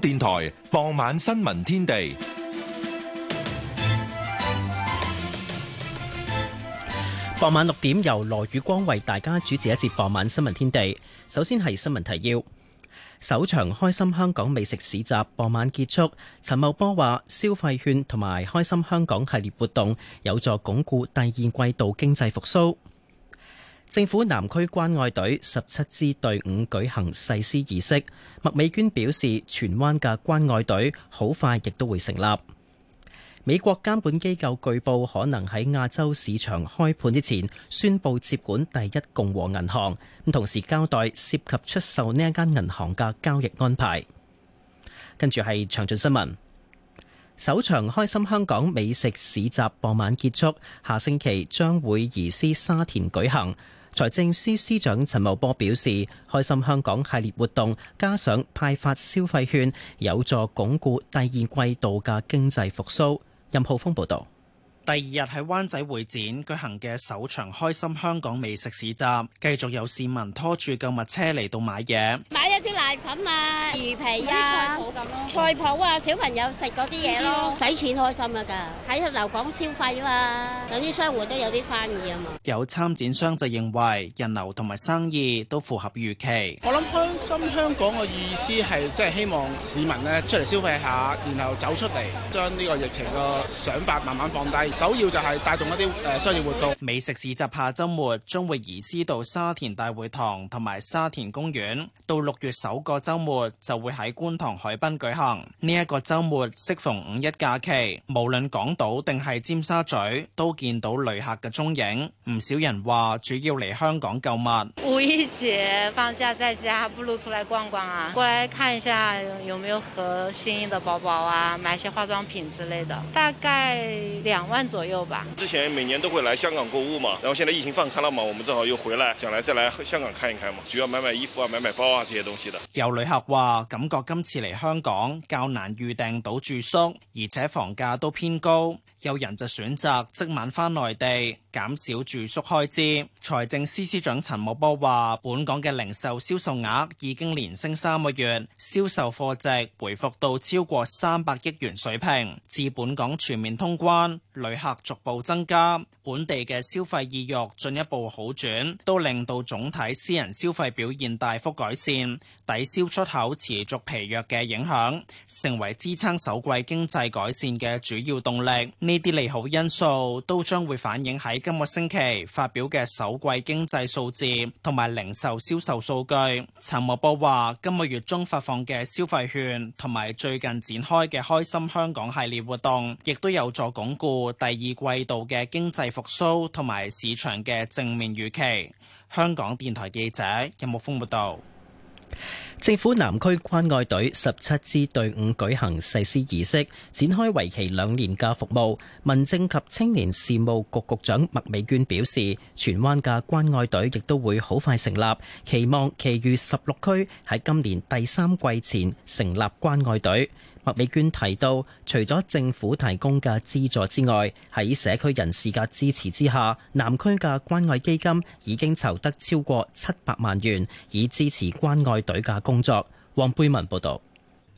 電台傍晚新聞天地，傍晚六點由羅宇光為大家主持一節傍晚新聞天地。首先係新聞提要，首場開心香港美食市集傍晚結束。陳茂波話，消費券同埋開心香港系列活動有助鞏固第二季度經濟復蘇。政府南區關愛隊十七支隊伍舉行誓師儀式。麥美娟表示，荃灣嘅關愛隊好快亦都會成立。美國監管機構據報可能喺亞洲市場開盤之前宣布接管第一共和銀行，咁同時交代涉及出售呢一間銀行嘅交易安排。跟住係詳盡新聞。首場開心香港美食市集傍，傍晚結束，下星期將會移師沙田舉行。財政司司長陳茂波表示，開心香港系列活動加上派發消費券，有助鞏固第二季度嘅經濟復蘇。任浩峰報道，第二日喺灣仔會展舉行嘅首場開心香港美食市集，繼續有市民拖住購物車嚟到買嘢。買一米粉啊，魚皮啊，菜脯咁咯，菜脯啊，小朋友食嗰啲嘢咯，使錢開心啊！噶喺留港消費啊嘛，有啲商戶都有啲生意啊嘛。有參展商就認為人流同埋生意都符合預期。我諗香新香港嘅意思係即係希望市民咧出嚟消費下，然後走出嚟，將呢個疫情嘅想法慢慢放低。首要就係帶動一啲誒商業活動。美食市集下週末將會移師到沙田大會堂同埋沙田公園，到六月首個周末就會喺觀塘海濱舉行。呢一個周末適逢五一假期，無論港島定係尖沙咀，都見到旅客嘅蹤影。唔少人話主要嚟香港購物。五一節放假在家，不如出來逛逛啊。過來看一下有沒有合心意的包包啊，買些化妝品之類的，大概兩萬左右吧。之前每年都會嚟香港購物嘛，然後現在疫情放開了嘛，我們正好又回來，想嚟再來香港看一看嘛，主要買買衣服啊，買買包啊，這些東西的。有旅客話：感覺今次嚟香港較難預訂到住宿，而且房價都偏高。有人就選擇即晚返內地，減少住宿開支。財政司司長陳茂波話，本港嘅零售銷售額已經連升三個月，銷售貨值回復到超過三百億元水平。自本港全面通關，旅客逐步增加，本地嘅消費意欲進一步好轉，都令到總體私人消費表現大幅改善，抵消出口持續疲弱嘅影響，成為支撐首季經濟改善嘅主要動力。呢啲利好因素都將會反映喺今個星期發表嘅首季經濟數字同埋零售銷售數據。陳茂波話今個月中發放嘅消費券同埋最近展開嘅開心香港系列活動亦都有助鞏固第二季度嘅經濟復蘇同埋市場嘅正面預期。香港電台記者任木豐報道。有政府南區關愛隊十七支隊伍舉行誓師儀式，展開為期兩年嘅服務。民政及青年事務局局長麥美娟表示，荃灣嘅關愛隊亦都會好快成立，期望其餘十六區喺今年第三季前成立關愛隊。麥美娟提到，除咗政府提供嘅資助之外，喺社區人士嘅支持之下，南區嘅關愛基金已經籌得超過七百萬元，以支持關愛隊嘅工作。黃貝文報道。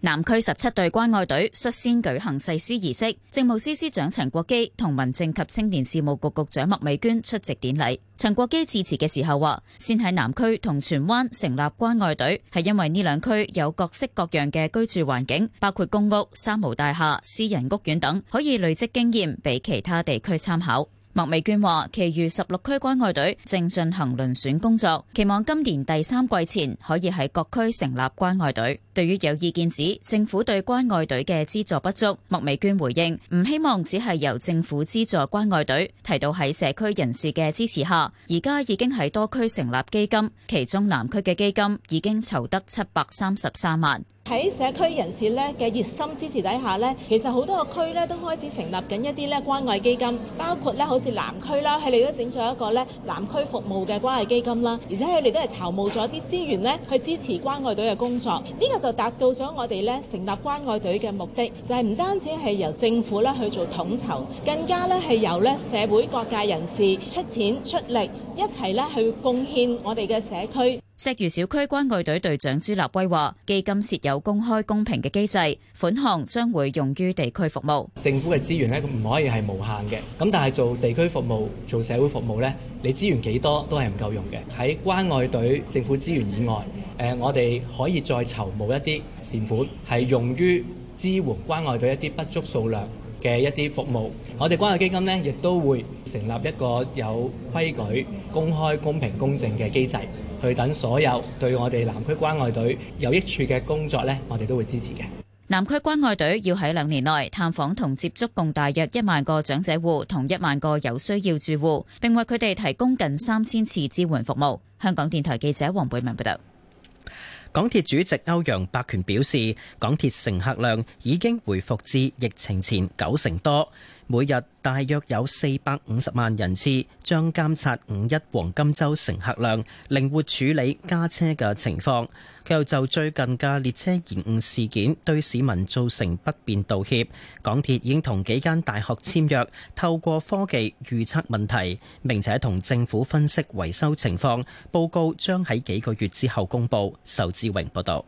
南區十七隊關愛隊率先舉行誓師儀式，政務司司長陳國基同民政及青年事務局局長麥美娟出席典禮。陳國基致辭嘅時候話，先喺南區同荃灣成立關愛隊，係因為呢兩區有各式各樣嘅居住環境，包括公屋、三無大廈、私人屋苑等，可以累積經驗俾其他地區參考。麥美娟話，其餘十六區關愛隊正進行輪選工作，期望今年第三季前可以喺各區成立關愛隊。對於有意見指政府對關愛隊嘅資助不足，麥美娟回應唔希望只係由政府資助關愛隊，提到喺社區人士嘅支持下，而家已經喺多區成立基金，其中南區嘅基金已經籌得七百三十三萬。喺社區人士咧嘅熱心支持底下咧，其實好多個區咧都開始成立緊一啲咧關愛基金，包括咧好似南區啦，佢哋都整咗一個咧南區服務嘅關愛基金啦，而且佢哋都係籌募咗啲資源咧去支持關愛隊嘅工作，呢個就達到咗我哋咧成立關愛隊嘅目的，就係唔單止係由政府咧去做統籌，更加咧係由咧社會各界人士出錢出力一齊咧去貢獻我哋嘅社區。石魚小區關愛隊隊長朱立威話，基金設有公開公平嘅機制，款項將會用於地區服務。政府嘅資源咧，咁唔可以係無限嘅。咁但係做地區服務、做社會服務咧，你資源幾多都係唔夠用嘅。喺關愛隊政府資源以外，誒，我哋可以再籌募一啲善款，係用於支援關愛隊一啲不足數量嘅一啲服務。我哋關愛基金咧，亦都會成立一個有規矩、公開、公平、公正嘅機制。去等所有對我哋南區關愛隊有益處嘅工作呢，我哋都會支持嘅。南區關愛隊要喺兩年內探訪同接觸共大約一萬個長者戶同一萬個有需要住戶，並為佢哋提供近三千次支援服務。香港電台記者黃貝文報道。港鐵主席歐陽百權表示，港鐵乘客量已經回復至疫情前九成多。每日大約有四百五十萬人次將監察五一黃金週乘客量，靈活處理加車嘅情況。佢又就最近嘅列車延誤事件對市民造成不便道歉。港鐵已經同幾間大學簽約，透過科技預測問題，並且同政府分析維修情況。報告將喺幾個月之後公佈。仇志榮報道。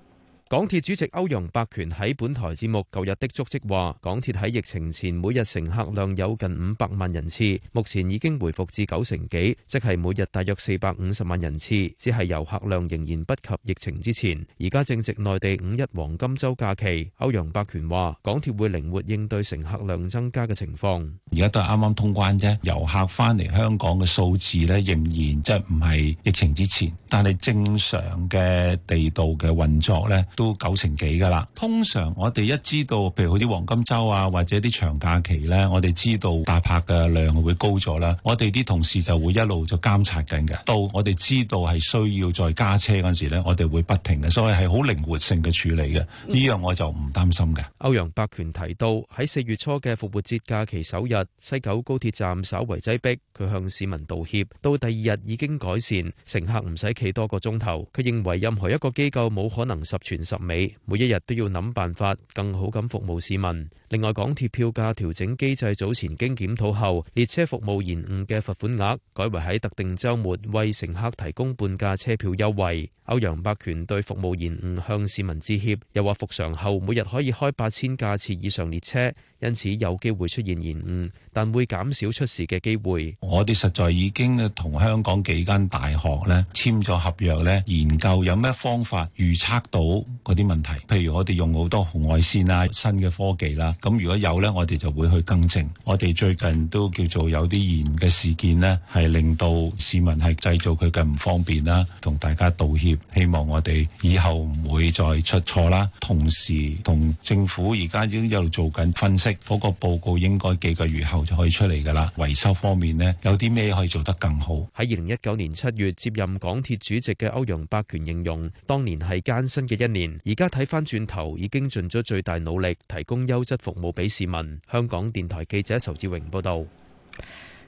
港鐵主席歐陽伯權喺本台節目《舊日的足跡》話：港鐵喺疫情前每日乘客量有近五百萬人次，目前已經回復至九成幾，即係每日大約四百五十萬人次。只係遊客量仍然不及疫情之前。而家正值內地五一黃金週假期，歐陽伯權話：港鐵會靈活應對乘客量增加嘅情況。而家都係啱啱通關啫，遊客翻嚟香港嘅數字咧仍然即係唔係疫情之前，但係正常嘅地道嘅運作咧。都九成幾噶啦。通常我哋一知道，譬如佢啲黃金周啊，或者啲長假期呢，我哋知道大拍嘅量會高咗啦。我哋啲同事就會一路就監察緊嘅。到我哋知道係需要再加車嗰時呢，我哋會不停嘅，所以係好靈活性嘅處理嘅。呢樣我就唔擔心嘅。歐陽伯權提到喺四月初嘅復活節假期首日，西九高鐵站稍為擠逼，佢向市民道歉。到第二日已經改善，乘客唔使企多個鐘頭。佢認為任何一個機構冇可能十全十尾，每一日都要諗辦法更好咁服務市民。另外，港鐵票價調整機制早前經檢討後，列車服務延誤嘅罰款額改為喺特定周末為乘客提供半價車票優惠。歐陽伯權對服務延誤向市民致歉，又話復常後每日可以開八千架次以上列車。因此有機會出現延誤，但會減少出事嘅機會。我哋實在已經同香港幾間大學咧簽咗合約咧，研究有咩方法預測到嗰啲問題。譬如我哋用好多紅外線啊、新嘅科技啦、啊。咁如果有呢，我哋就會去更正。我哋最近都叫做有啲延誤嘅事件呢係令到市民係製造佢嘅唔方便啦，同大家道歉。希望我哋以後唔會再出錯啦。同時同政府而家已經又做緊分析。嗰個報告應該幾個月後就可以出嚟噶啦。維修方面呢，有啲咩可以做得更好？喺二零一九年七月接任港鐵主席嘅歐陽伯權形容，當年係艱辛嘅一年。而家睇翻轉頭，已經盡咗最大努力，提供優質服務俾市民。香港電台記者仇志榮報道。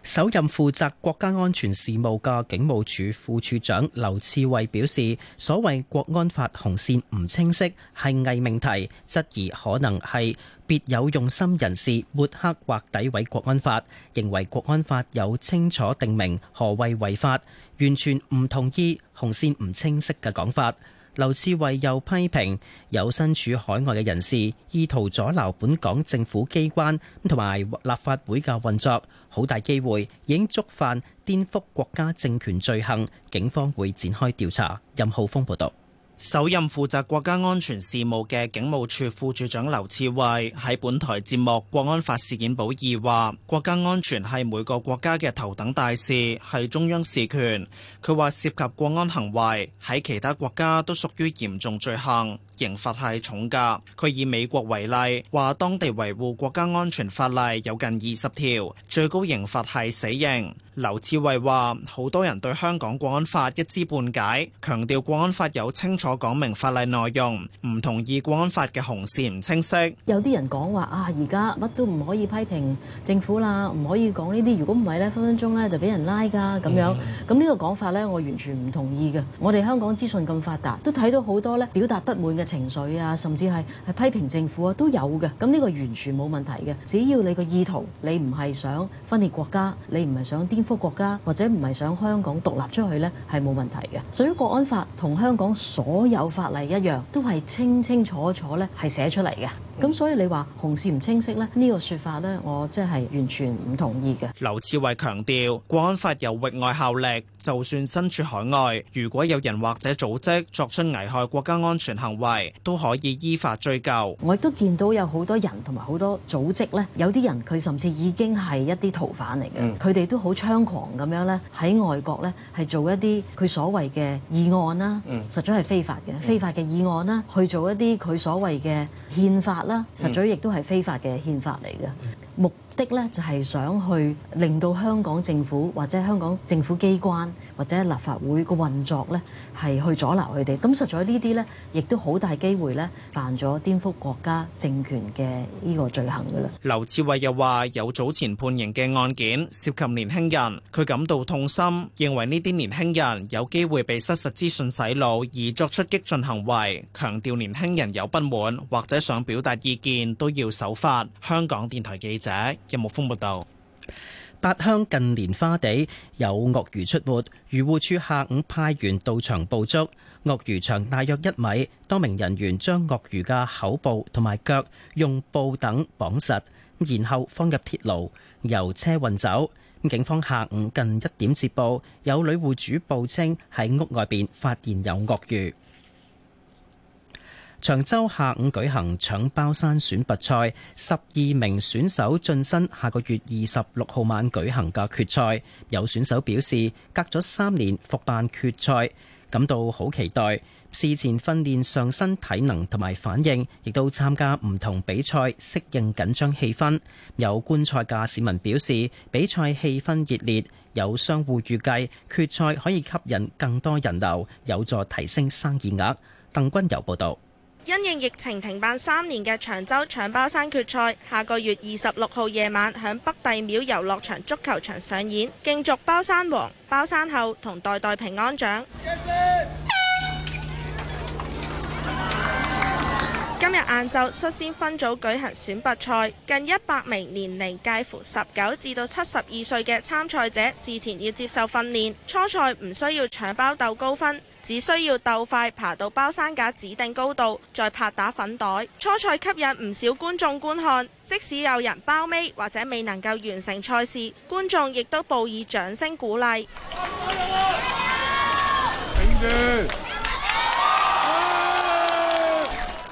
首任負責國家安全事務嘅警務處副處長劉賜蕙表示，所謂國安法紅綫唔清晰係偽命題，質疑可能係。別有用心人士抹黑或詆毀國安法，認為國安法有清楚定明何謂違法，完全唔同意紅線唔清晰嘅講法。劉志偉又批評有身處海外嘅人士意圖阻撓本港政府機關同埋立法會嘅運作，好大機會已經觸犯顛覆國家政權罪行，警方會展開調查。任浩峰報道。首任負責國家安全事務嘅警務處副處長劉賜慧喺本台節目《國安法事件簿二》話：國家安全係每個國家嘅頭等大事，係中央事權。佢話涉及國安行為喺其他國家都屬於嚴重罪行，刑罰係重噶。佢以美國為例，話當地維護國家安全法例有近二十條，最高刑罰係死刑。劉志偉話：好多人對香港國安法一知半解，強調國安法有清楚講明法例內容，唔同意國安法嘅紅線唔清晰。有啲人講話啊，而家乜都唔可以批評政府啦，唔可以講呢啲，如果唔係咧，分分鐘咧就俾人拉噶咁樣。咁呢、mm. 個講法咧，我完全唔同意嘅。我哋香港資訊咁發達，都睇到好多咧表達不滿嘅情緒啊，甚至係係批評政府啊，都有嘅。咁呢個完全冇問題嘅，只要你個意圖你唔係想分裂國家，你唔係想顛。國家或者唔係想香港獨立出去咧，係冇問題嘅。所以國安法同香港所有法例一樣，都係清清楚楚咧，係寫出嚟嘅。咁、嗯、所以你話紅線唔清晰呢？呢、呢個説法呢，我真係完全唔同意嘅。劉志偉強調，國安法有域外效力，就算身處海外，如果有人或者組織作出危害國家安全行為，都可以依法追究。我亦都見到有好多人同埋好多組織呢，有啲人佢甚至已經係一啲逃犯嚟嘅，佢哋、嗯、都好猖狂咁樣呢，喺外國呢，係做一啲佢所謂嘅議案啦，嗯、實在係非法嘅非法嘅議案啦，去做一啲佢所謂嘅憲法啦，實在亦都係非法嘅憲法嚟嘅。 目。的咧就係想去令到香港政府或者香港政府機關或者立法會嘅運作咧係去阻撓佢哋，咁實在呢啲咧亦都好大機會咧犯咗顛覆國家政權嘅呢個罪行㗎啦。劉志偉又話：有早前判刑嘅案件涉及年輕人，佢感到痛心，認為呢啲年輕人有機會被失實資訊洗腦而作出激進行為，強調年輕人有不滿或者想表達意見都要守法。香港電台記者。一目風報道，八鄉近蓮花地有鱷魚出沒，漁護處下午派員到場捕捉，鱷魚長大約一米，多名人員將鱷魚嘅口部同埋腳用布等綁實，然後放入鐵爐由車運走。警方下午近一點接報，有女戶主報稱喺屋外邊發現有鱷魚。長洲下午舉行搶包山選拔賽，十二名選手晉身下個月二十六號晚舉行嘅決賽。有選手表示，隔咗三年復辦決賽，感到好期待。事前訓練上身體能同埋反應，亦都參加唔同比賽，適應緊張氣氛。有觀賽嘅市民表示，比賽氣氛熱烈，有商戶預計決賽可以吸引更多人流，有助提升生意額。鄧君游報道。因應疫情停辦三年嘅長洲搶包山決賽，下個月二十六號夜晚響北帝廟遊樂場足球場上演，競逐包山王、包山后同代代平安獎。Yes, sir. 今日晏晝率先分組舉行選拔賽，近一百名年齡介乎十九至到七十二歲嘅參賽者事前要接受訓練，初賽唔需要搶包鬥高分。只需要鬥快爬到包山架指定高度，再拍打粉袋。初賽吸引唔少觀眾觀看，即使有人包尾或者未能夠完成賽事，觀眾亦都報以掌聲鼓勵。加油！加油！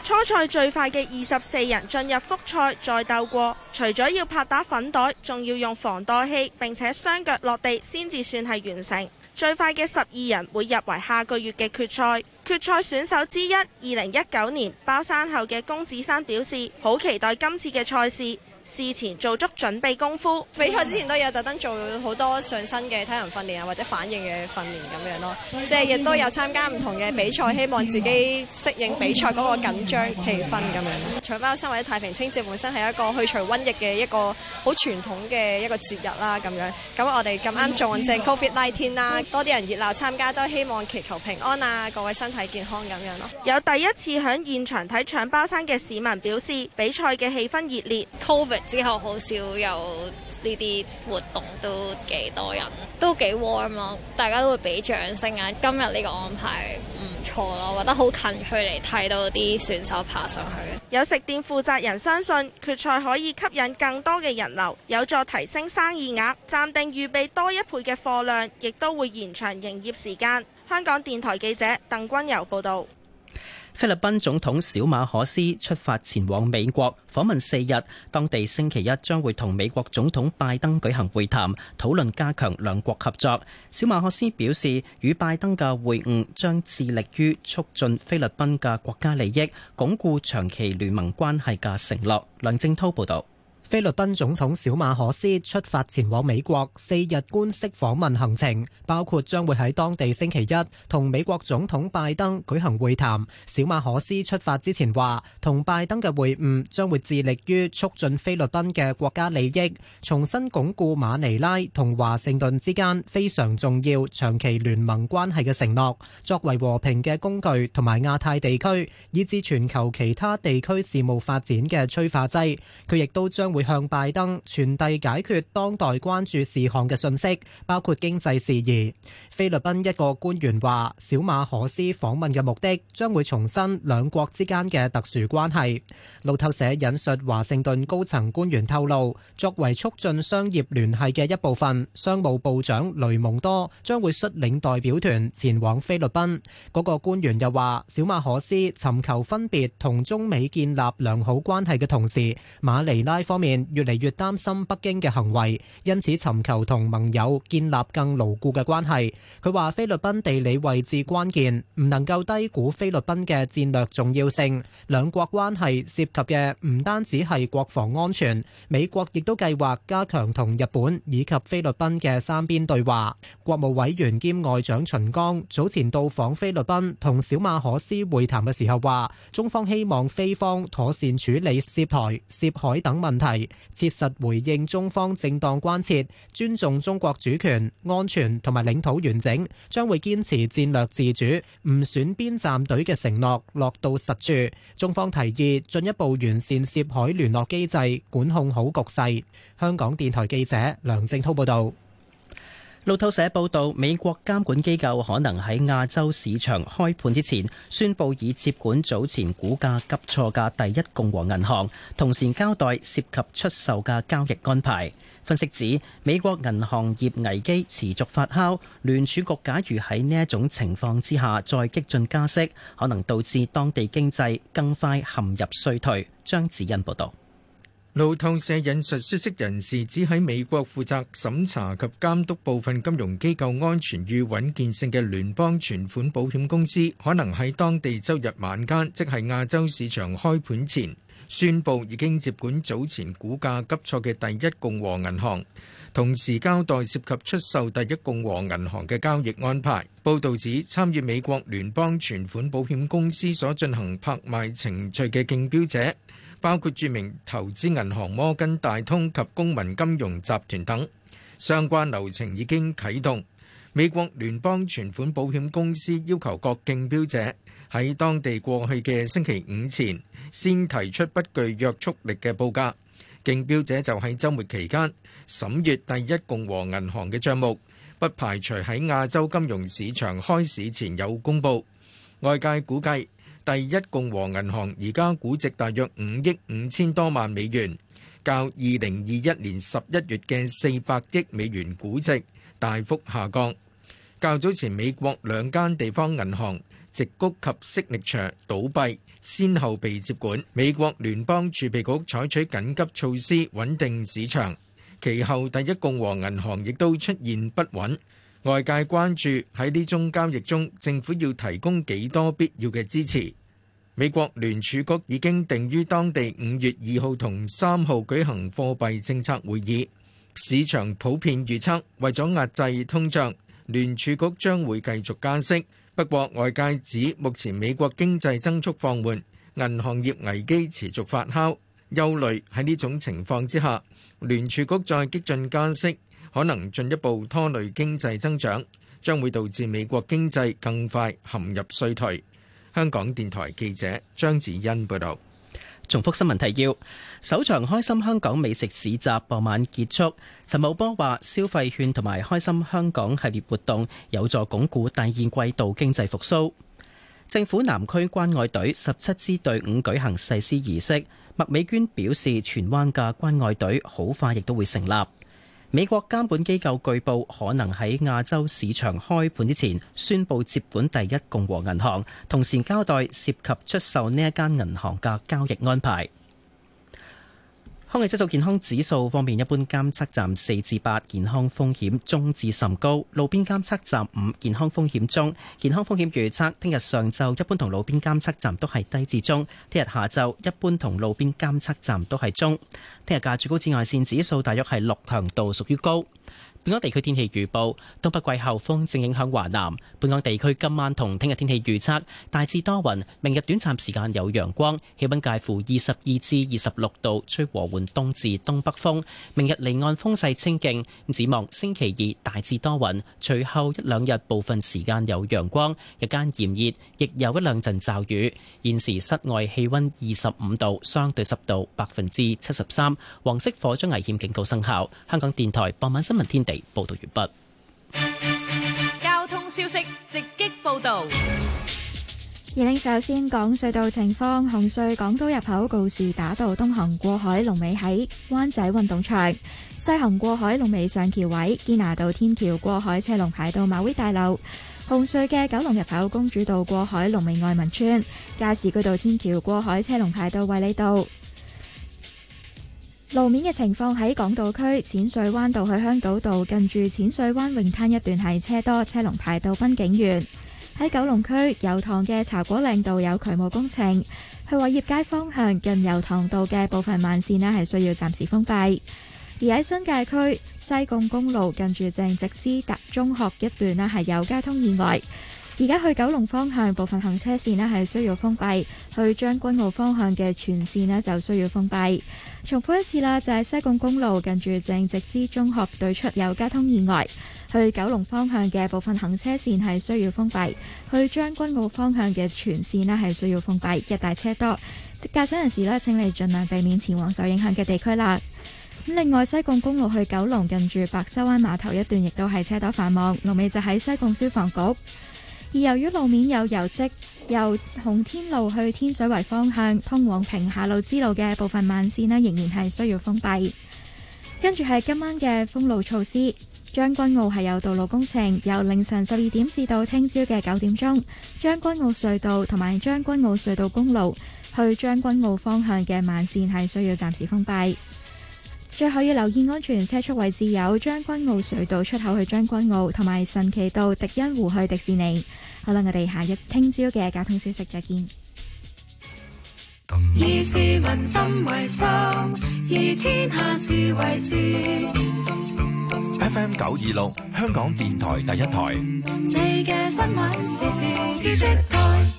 初賽最快嘅二十四人進入復賽，再鬥過。除咗要拍打粉袋，仲要用防墮器，並且雙腳落地先至算係完成。最快嘅十二人會入圍下個月嘅決賽。決賽選手之一，二零一九年包山後嘅龔子珊表示：好期待今次嘅賽事。事前做足準備功夫，比賽之前都有特登做好多上身嘅體能訓練啊，或者反應嘅訓練咁樣咯。即係亦都有參加唔同嘅比賽，希望自己適應比賽嗰個緊張氣氛咁樣。搶包山或者太平清醮本身係一個去除瘟疫嘅一個好傳統嘅一個節日啦，咁樣。咁我哋咁啱撞正 Covid 19啦，多啲人熱鬧參加都希望祈求平安啊，各位身體健康咁樣咯。有第一次響現場睇搶包山嘅市民表示，比賽嘅氣氛熱烈。之後好少有呢啲活動，都幾多人，都幾 warm 咯。大家都會俾掌聲啊！今日呢個安排唔錯咯，我覺得好近距離睇到啲選手爬上去。有食店負責人相信決賽可以吸引更多嘅人流，有助提升生意額。暫定預備多一倍嘅貨量，亦都會延長營業時間。香港電台記者鄧君遊報導。菲律賓總統小馬可斯出發前往美國訪問四日，當地星期一將會同美國總統拜登舉行會談，討論加強兩國合作。小馬可斯表示，與拜登嘅會晤將致力於促進菲律賓嘅國家利益，鞏固長期聯盟關係嘅承諾。梁正滔報道。菲律賓總統小馬可斯出發前往美國四日官式訪問行程，包括將會喺當地星期一同美國總統拜登舉行會談。小馬可斯出發之前話，同拜登嘅會晤將會致力於促進菲律賓嘅國家利益，重新鞏固馬尼拉同華盛頓之間非常重要長期聯盟關係嘅承諾，作為和平嘅工具同埋亞太地區以至全球其他地區事務發展嘅催化劑。佢亦都將會向拜登傳遞解決當代關注事項嘅信息，包括經濟事宜。菲律賓一個官員話，小馬可斯訪問嘅目的將會重申兩國之間嘅特殊關係。路透社引述華盛頓高層官員透露，作為促進商業聯繫嘅一部分，商務部長雷蒙多將會率領代表團前往菲律賓。嗰個官員又話，小馬可斯尋求分別同中美建立良好關係嘅同時，馬尼拉方面。越嚟越擔心北京嘅行為，因此尋求同盟友建立更牢固嘅關係。佢話：菲律賓地理位置關鍵，唔能夠低估菲律賓嘅戰略重要性。兩國關係涉及嘅唔單止係國防安全，美國亦都計劃加強同日本以及菲律賓嘅三邊對話。國務委員兼外長秦剛早前到訪菲律賓同小馬可斯會談嘅時候話：中方希望菲方妥善處理涉台、涉海等問題。切實回應中方正當關切，尊重中國主權、安全同埋領土完整，將會堅持戰略自主、唔選邊站隊嘅承諾落到實處。中方提議進一步完善涉海聯絡機制，管控好局勢。香港電台記者梁正濤報道。路透社報道，美國監管機構可能喺亞洲市場開盤之前宣布，已接管早前股價急挫嘅第一共和銀行，同時交代涉及出售嘅交易安排。分析指，美國銀行業危機持續發酵，聯儲局假如喺呢一種情況之下再激進加息，可能導致當地經濟更快陷入衰退。張子欣報道。路透社引述消息人士指，喺美國負責審查及監督部分金融機構安全與穩健性嘅聯邦存款保險公司，可能喺當地週日晚間，即係亞洲市場開盤前，宣佈已經接管早前股價急挫嘅第一共和銀行，同時交代涉及出售第一共和銀行嘅交易安排。報導指，參與美國聯邦存款保險公司所進行拍賣程序嘅競標者。包括著名投資銀行摩根大通及公民金融集團等，相關流程已經啟動。美國聯邦存款保險公司要求各競標者喺當地過去嘅星期五前先提出不具約束力嘅報價。競標者就喺週末期間審閱第一共和銀行嘅帳目，不排除喺亞洲金融市場開市前有公佈。外界估計，第一共和銀行而家估值大約五億五千多萬美元，較二零二一年十一月嘅四百億美元估值大幅下降。較早前美國兩間地方銀行矽谷及 Signature 倒閉，先後被接管。美國聯邦儲備局採取緊急措施，穩定市場，其後第一共和銀行亦都出現不穩。外界關注喺呢宗交易中，政府要提供幾多必要嘅支持。美國聯儲局已經定於當地五月二號同三號舉行貨幣政策會議，市場普遍預測為咗壓制通脹，聯儲局將會繼續加息。不過，外界指目前美國經濟增速放緩，銀行業危機持續發酵，憂慮喺呢種情況之下，聯儲局再激進加息，可能進一步拖累經濟增長，將會導致美國經濟更快陷入衰退。香港電台記者張子欣報道，重複新聞提要：首場開心香港美食市集傍晚結束，陳茂波話消費券同埋開心香港系列活動有助鞏固第二季度經濟復甦。政府南區關愛隊十七支隊伍舉行誓師儀式，麥美娟表示荃灣嘅關愛隊好快亦都會成立。美國監管機構據報可能喺亞洲市場開盤之前，宣布接管第一共和銀行，同時交代涉及出售呢一間銀行嘅交易安排。空氣質素健康指數方面，一般監測站四至八，健康風險中至甚高；路邊監測站五，健康風險中。健康風險預測：聽日上晝一般同路邊監測站都係低至中；聽日下晝一般同路邊監測站都係中。聽日嘅最高紫外線指數大約係六，強度屬於高。本港地區天氣預報，東北季候風正影響華南。本港地區今晚同聽日天氣預測，大致多雲，明日短暫時間有陽光，氣溫介乎二十二至二十六度，吹和緩東至東北風，明日離岸風勢清勁，展望星期二大致多雲，隨後一兩日部分時間有陽光，日間炎熱，亦有一兩陣驟雨。現時室外氣溫二十五度，相對濕度百分之七十三，黃色火災危險警告生效。香港電台傍晚新聞天地。報道完畢。交通消息直擊報道。二零，首先講隧道情況，紅隧港島入口告士打道東行過海龍尾喺灣仔運動場，西行過海龍尾上橋位堅拿道天橋過海車龍排到馬會大樓。紅隧嘅九龍入口公主道過海龍尾愛民村，加士居道天橋過海車龍排到衛理道。路面嘅情況，喺港島區淺水灣道去香島道近住淺水灣泳灘一段係車多車龍排到濱景園。喺九龍區油塘嘅茶果嶺道有渠務工程，去偉業街方向近油塘道嘅部分慢線咧係需要暫時封閉。而喺新界區西貢公路近住鄭直思達中學一段咧係有交通意外。而家去九龍方向部分行車線咧係需要封閉，去將軍澳方向嘅全線咧就需要封閉。重複一次啦，就係、是、西貢公路近住鄭植之中學對出有交通意外，去九龍方向嘅部分行車線係需要封閉，去將軍澳方向嘅全線咧係需要封閉。一大車多，駕駛人士咧，請你盡量避免前往受影響嘅地區啦。咁另外，西貢公路去九龍近住白沙灣碼頭一段，亦都係車多繁忙，龍尾就喺西貢消防局。而由於路面有油跡，由洪天路去天水圍方向通往平下路支路嘅部分慢線咧，仍然係需要封閉。跟住係今晚嘅封路措施，將軍澳係有道路工程，由凌晨十二點至到聽朝嘅九點鐘，將軍澳隧道同埋將軍澳隧道公路去將軍澳方向嘅慢線係需要暫時封閉。最後要留意安全車速位置，有將軍澳隧道出口去將軍澳，同埋神奇道迪欣湖去迪士尼。好啦，我哋下日聽朝嘅交通消息再見。以市民心為心，以天下事為事。F M 九二六，香港電台第一台。你嘅新聞時時知識台，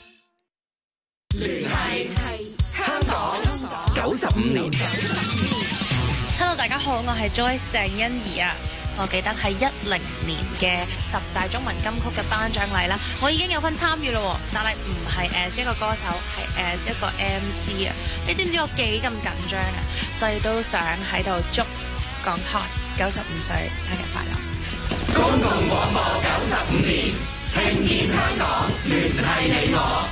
聯繫香港九十五年。好，我係 Joyce 鄭欣宜啊！我記得喺一零年嘅十大中文金曲嘅頒獎禮啦，我已經有份參與咯，但係唔係 as 一個歌手，係 as 一個 MC 啊！你知唔知我幾咁緊張啊？所以都想喺度祝港台九十五歲生日快樂！公共廣播九十五年，聽見香港聯繫你我，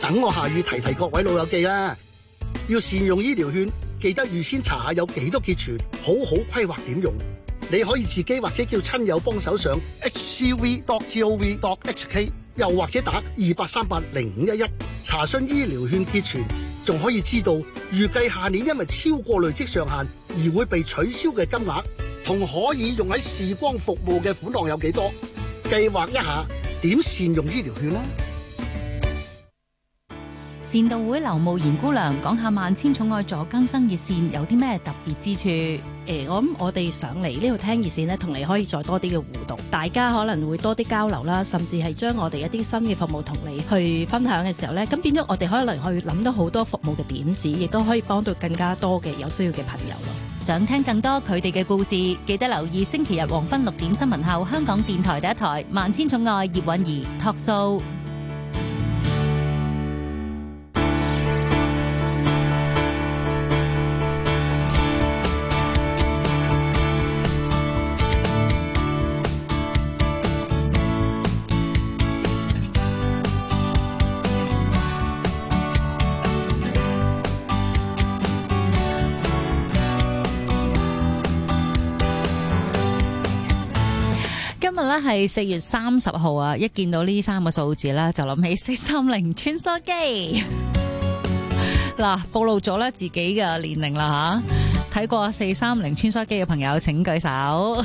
等我下雨提提各位老友記啦！要善用醫療券，記得預先查下有幾多結存，好好規劃點用。你可以自己或者叫親友幫手上 HCV.gov.hk，又或者打二八三八零五一一查詢醫療券結存，仲可以知道預計下年因為超過累積上限而會被取消嘅金額，同可以用喺視光服務嘅款項有幾多，計劃一下點善用醫療券呢？善道會劉慕賢姑娘講下《說說萬千寵愛助更生熱線》有啲咩特別之處？誒、欸，我諗我哋上嚟呢度聽熱線呢，同你可以再多啲嘅互動，大家可能會多啲交流啦，甚至係將我哋一啲新嘅服務同你去分享嘅時候呢，咁變咗我哋可能去諗到好多服務嘅點子，亦都可以幫到更加多嘅有需要嘅朋友咯。想聽更多佢哋嘅故事，記得留意星期日黃昏六點新聞後，香港電台第一台《萬千寵愛葉韻儀》Talk Show。係四月三十號啊！一見到呢三個數字啦，就諗起四三零穿梭機。嗱、 呃，暴露咗咧自己嘅年齡啦吓！睇過四三零穿梭機嘅朋友，請舉手。嗱、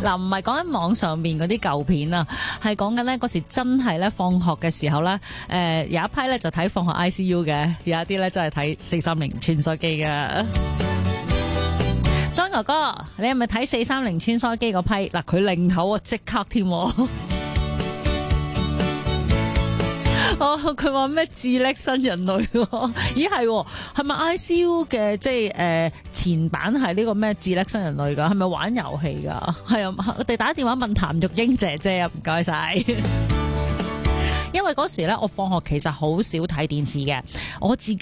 呃，唔係講緊網上面嗰啲舊片啊，係講緊呢嗰時真係咧放學嘅時候咧，誒、呃、有一批咧就睇放學 I C U 嘅，有一啲咧真係睇四三零穿梭機嘅。 張哥哥，你係咪睇四三零穿梭機嗰批？嗱，佢擰頭啊，即刻添。哦，佢話咩？智力新人類、啊？ 咦，係？係咪 I C U 嘅？即係誒、呃，前版係呢個咩？智力新人類噶？係咪玩遊戲噶？係啊，我哋打電話問譚玉瑛姐姐啊，唔該晒。 因為嗰時咧，我放學其實好少睇電視嘅，我自。